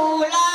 Hula.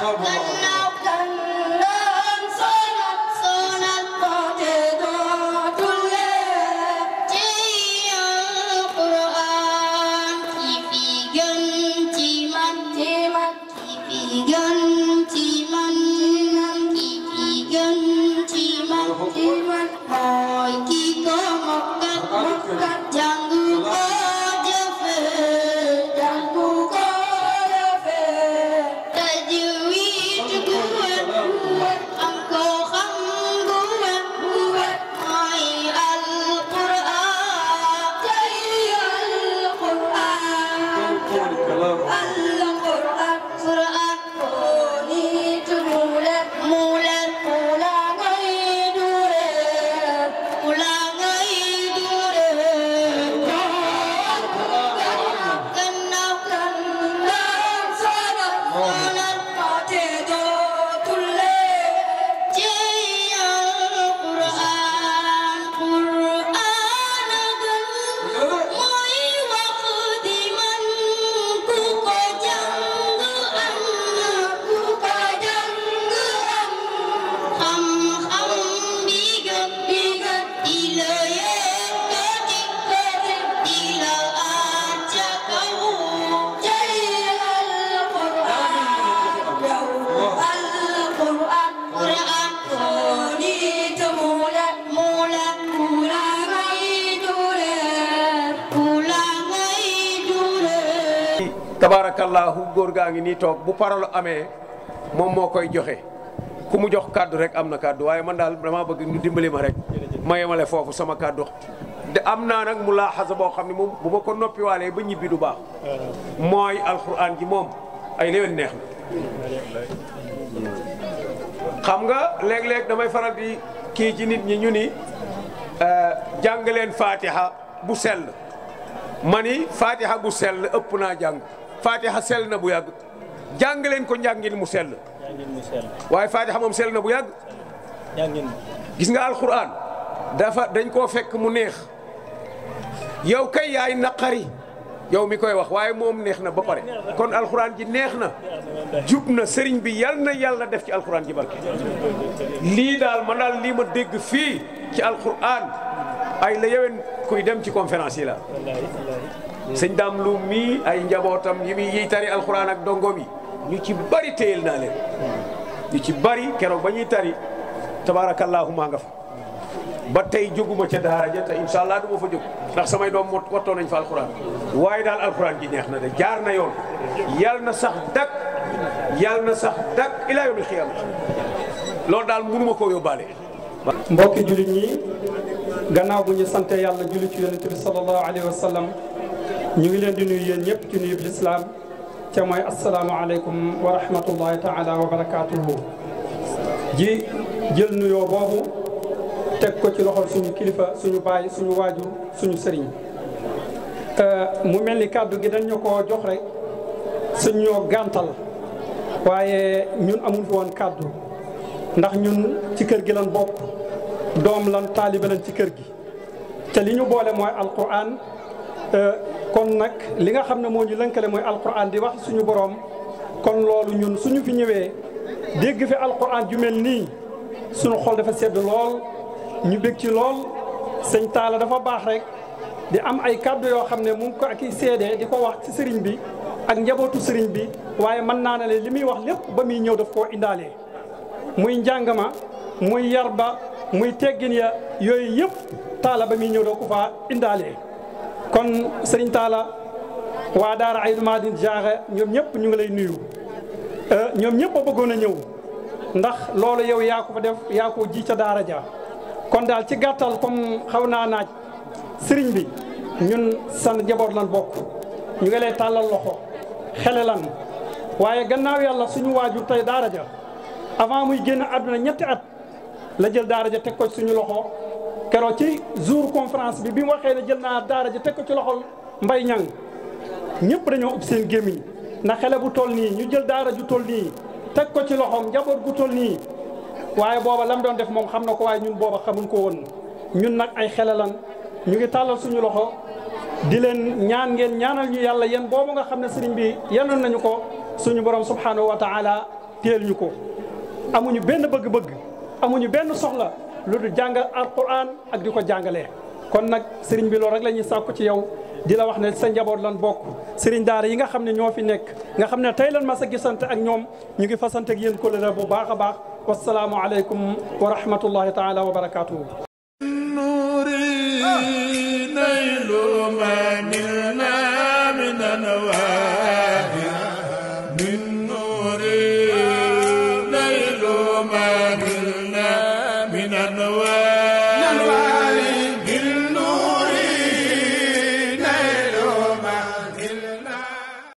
সব tabaarakallaahu góor gaa ngi nii toog bu parole amee moom moo koy joxe ku mu jox kàddu rek am na kàddu waaye man daal damaa bëgg ñu dimbali ma rek ma male foofu sama kàddu de am naa nag mu laaxasa boo xam ne moom bu ma ko noppiwaalee ba ñibbi du baax mooy alxuraan ji moom ay léwén neex na xam nga léeg-léeg damay faral di kii ci nit ñi ñu ni euh, jàng leen faatiha bu sell mani ni faatiha bu sell ëpp naa jàng faatiha sell na bu yàgg jàng leen ko njàngin mu sell. waaye faatiha moom sell na bu yàgg. gis nga alxuraan dafa dañ koo fekk mu neex yow kay yaay naqari yow mi koy wax waaye moom neex na ba pare kon alxuraan ji neex na jub na sëriñ bi yal na yàlla def ci alxuraan ji barke lii daal man daal lii ma dégg fii ci alxuraan ay la yewen kuy dem ci conférence yi la sëñ daam lu ay njabootam yi muy yiy tari alxuraan ak dongoom yi ñu ci bari téyel naa leen ñu ci bari keroog ba ñuy tari tabaarakallaahu maa nga fa ba tey jóguma ca daara ja te incha allah fa jóg ndax samay doom moo wattoo nañ fa alxuraan waaye daal alxuraan gi neex na de jaar na yoon yal na sax dak yal na sax dak ilaa yawmil xiyaama loolu daal mënuma koo yóbbaale. mbokki jullit ñi gannaaw bu ñu sante yàlla julli ci yonente bi sallallahu alayhi wa ñu ngi leen di nuyu yéen ñëpp ci nuyu lislaam ca mooy asalaamualeykum wa rahmatullahi taala wa barakaatuhu ji jël nuyoo boobu teg ko ci loxol suñu kilifa suñu baay suñu waaju suñu sëriñ euh, mu mel ni kàddu gi dañ ñu koo jox rek suñ gàntal waaye ñun amul woon kàddu ndax ñun ci kër gi lan bokk doom lan taalibe lan ci kër gi te li ñu boole mooy alquran euh, kon nag li nga xam ne moo ñu lënkale mooy alquran di wax suñu borom kon loolu ñun suñu fi ñëwee dégg fi alquran ju nii suñu xol dafa sedd lool ñu bég ci lool sëñ taala dafa baax rek di am ay kàddu yoo xam ne mu ngi ko ak i seede di ko wax ci sëriñ bi ak njabootu sëriñ bi waaye mën naa ne li muy wax lépp ba muy ñëw daf koo indaale muy njàng ma muy yarba muy teggin ya yooyu yëpp Talla ba muy ñëw daf ko faa indaale. kon sëriñ taala waa Daara Aïnoul Madine Diarra ñoom ñëpp ñu ngi lay nuyu euh, ñoom ñëpp a bëggoon a ñëw ndax loolu yow yaa ko def yaa ko ji ca Daara ja kon daal ci gàttal comme xaw naa naaj sëriñ bi ñun san njaboot lan bokk ñu ngi lay tàllal loxo xele lan waaye gannaaw yàlla suñu waajur tey Daara ja avant muy génn àdduna ñetti at la jël Daara ja teg ko suñu loxo. keroog ci jour conférence bi bi mu waxee na jël naa daara ji teg ko ci loxol mbay ñang ñëpp dañoo ub seen gémmiñ na xele bu toll nii ñu jël daara ju toll nii teg ko ci loxoom njaboot gu toll nii waaye booba lam doon def moom xam na ko waaye ñun booba xamuñ ko woon ñun nag ay xelalan ñu ngi tàllal suñu loxo di leen ñaan ngeen ñaanal ñu yàlla yéen boobu nga xam ne sëriñ bi yenoon nañu ko suñu borom subhanahu wa taala teel ñu ko amuñu benn bëgg-bëgg amuñu benn soxla lu du jàngal alquran ak di ko jàngale kon nag sëriñ bi loolu rek la ñuy sàkku ci yow di la wax ne sa njaboot lan bokk sëriñ daara yi nga xam ne ñoo fi nekk nga xam ne tey lan ma sa gisante ak ñoom ñu ngi fasante ak yéen kóllëre bu baax a baax wasalaamu aleykum wa rahmatullahi taala wa barakaatuhu